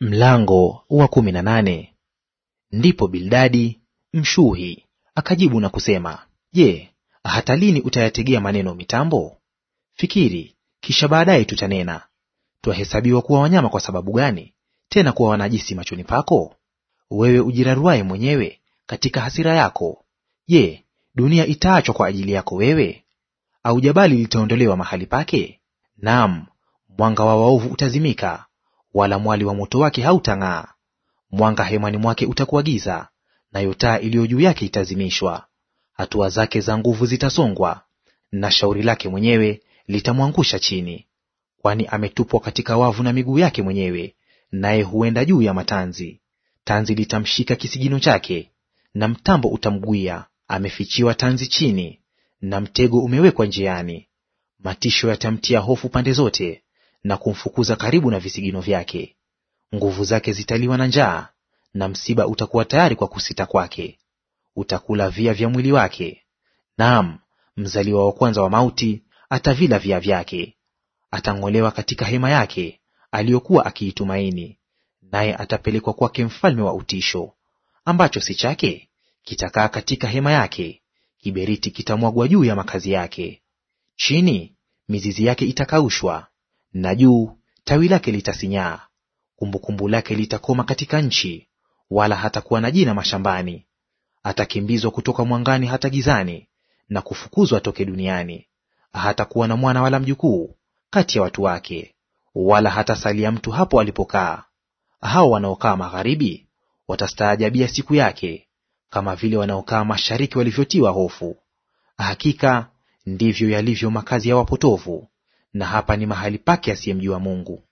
Mlango wa kumi na nane. Ndipo Bildadi Mshuhi akajibu na kusema, Je, hata lini utayategea maneno mitambo? Fikiri, kisha baadaye tutanena. Twahesabiwa kuwa wanyama kwa sababu gani, tena kuwa wanajisi machoni pako? Wewe ujiraruaye mwenyewe katika hasira yako, je, dunia itaachwa kwa ajili yako wewe? Au jabali litaondolewa mahali pake? Naam, mwanga wa waovu utazimika wala mwali wa moto wake hautang'aa. Mwanga hemani mwake utakuwa giza, nayo taa iliyo juu yake itazimishwa. Hatua zake za nguvu zitasongwa, na shauri lake mwenyewe litamwangusha chini. Kwani ametupwa katika wavu na miguu yake mwenyewe, naye huenda juu ya matanzi. Tanzi litamshika kisigino chake, na mtambo utamgwia. Amefichiwa tanzi chini, na mtego umewekwa njiani. Matisho yatamtia hofu pande zote, na kumfukuza karibu na visigino vyake. Nguvu zake zitaliwa na njaa, na msiba utakuwa tayari kwa kusita kwake. Utakula via vya mwili wake, naam, mzaliwa wa kwanza wa mauti atavila via vyake. Atang'olewa katika hema yake aliyokuwa akiitumaini, naye atapelekwa kwake mfalme wa utisho. Ambacho si chake kitakaa katika hema yake, kiberiti kitamwagwa juu ya makazi yake. Chini mizizi yake itakaushwa, na juu tawi lake litasinyaa. Kumbukumbu lake litakoma katika nchi, wala hatakuwa na jina mashambani. Atakimbizwa kutoka mwangani hata gizani, na kufukuzwa toke duniani. Hatakuwa na mwana wala mjukuu kati ya watu wake, wala hatasalia mtu hapo alipokaa. Hao wanaokaa magharibi watastaajabia siku yake, kama vile wanaokaa mashariki walivyotiwa hofu. Hakika ndivyo yalivyo makazi ya wapotovu, na hapa ni mahali pake asiyemjua Mungu.